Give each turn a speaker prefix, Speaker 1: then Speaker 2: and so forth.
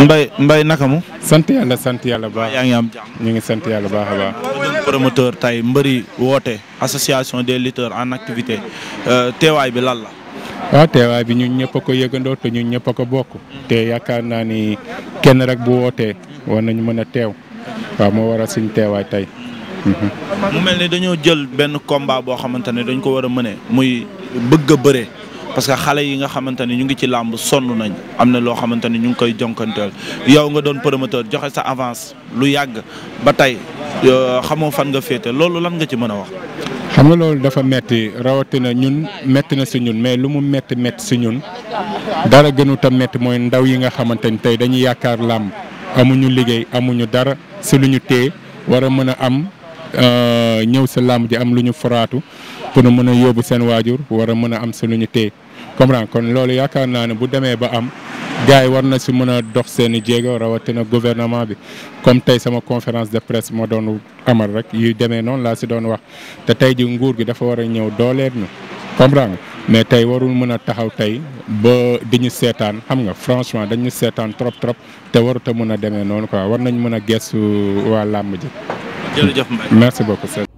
Speaker 1: mbay mbay naka mu. sant yàlla sant
Speaker 2: yàlla baax yaa ngi am jàmm ñu ngi sant yàlla baax a baax. promoteur tey mbëri woote association des lutteurs en activité euh, teewaay bi lan la.
Speaker 1: waaw teewaay bi ñu ñëpp a ko yëgandoo te ñu ñëpp a ko bokk. te yaakaar naa ni kenn rek bu wootee war nañu mën a teew. waaw moo waral suñu teewaay tey. Mhm.
Speaker 2: mu mel ni dañoo jël benn combat boo xamante ne dañ ko war a mëne muy bëgg a bëre. parce que xale yi nga xamante ne ñu ngi ci làmb sonn nañ am na loo xamante ne ñu ngi koy jonkanteel yow nga doon promoteur joxe sa avance lu yàgg ba tey xamoo fan nga féete loolu lan nga ci mën a wax.
Speaker 1: xam nga loolu dafa metti rawatina ñun metti na si ñun mais lu mu metti metti si ñun dara gënut a metti mooy ndaw yi nga xamante ni tey dañuy yaakaar làmb amuñu liggéey amuñu dara si lu ñu téye war a mën a am euh, ñëw sa làmb ji am lu ñu foraatu pour mën a yóbbu seen waajur war a mën a am si lu ñu téye comprendre kon loolu yaakaar naa ne bu demee ba am gars yi war na si mën a dox seen i jéego na gouvernement bi comme tey sama conférence de presse ma doon amal rek yu demee noonu laa si doon wax te tey ji nguur gi dafa war a ñëw dooleet ñu comprendre mais tey warul mën a taxaw tey boo di ñu seetaan xam nga franchement dañu seetaan trop trop te warut a mën a demee noonu ko war nañ mën a gëstu waa làmb ji. jërëjëf Mbaye